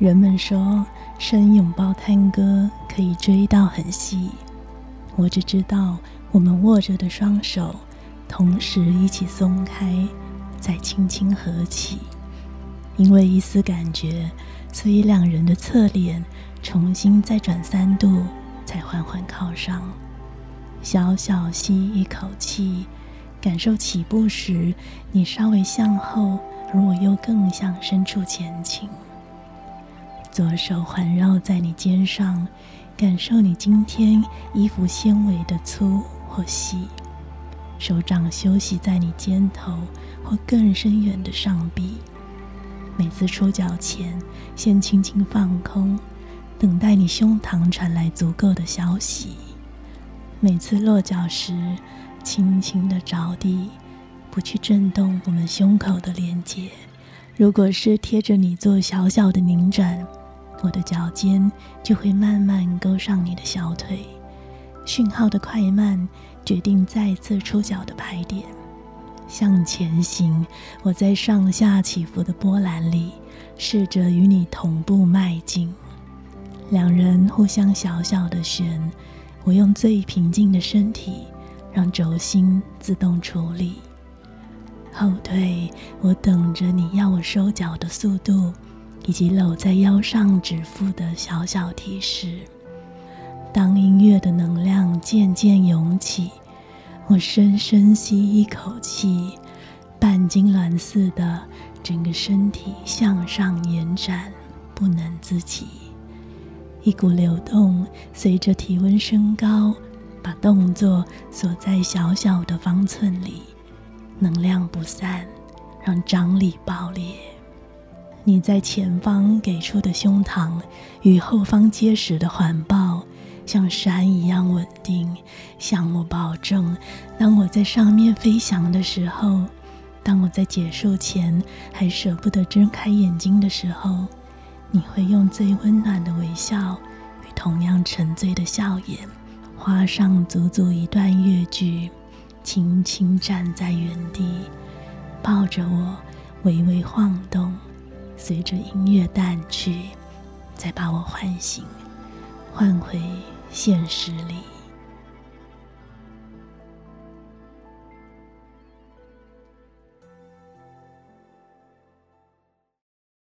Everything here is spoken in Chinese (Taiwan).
人們說，深擁抱探戈可以追到很細。我只知道，我們握着的雙手，同時一起鬆開，再輕輕合起。因為一絲感覺，所以兩人的側臉重新再轉三度，才緩緩靠上。小小吸一口氣，感受起步時，你稍微向後，而我又更向深處前傾。左手環繞在你肩上，感受你今天衣服纖維的粗或細；手掌休息在你肩頭或更深遠的上臂。每次出腳前，先輕輕放空，等待你胸膛傳來足夠的消息。每次落腳時，輕輕的着地，不去震動我們胸口的連接。如果是貼着你做小小的擰展。我的腳尖就會慢慢勾上你的小腿，訊號的快慢決定再次出腳的拍點，向前行，我在上下起伏的波瀾裡，試着與你同步邁進，兩人互相小小的旋，我用最平靜的身體，讓軸心自動處理，後退，我等着你要我收腳的速度。以及摟在腰上指腹的小小提示，當音樂的能量漸漸湧起，我深深吸一口氣，半痙攣似的整個身體向上延展，不能自己。一股流動隨着體溫升高，把動作鎖在小小的方寸裡，能量不散，讓張力爆裂。你在前方給出的胸膛與後方結實的環抱，像山一樣穩定。向我保證，當我在上面飛翔的時候，當我在結束前還捨不得睜開眼睛的時候，你會用最溫暖的微笑與同樣沉醉的笑顏，畫上足足一段樂句，輕輕站在原地，抱着我，微微晃動。隨着音樂淡去，再把我喚醒，喚回現實裡。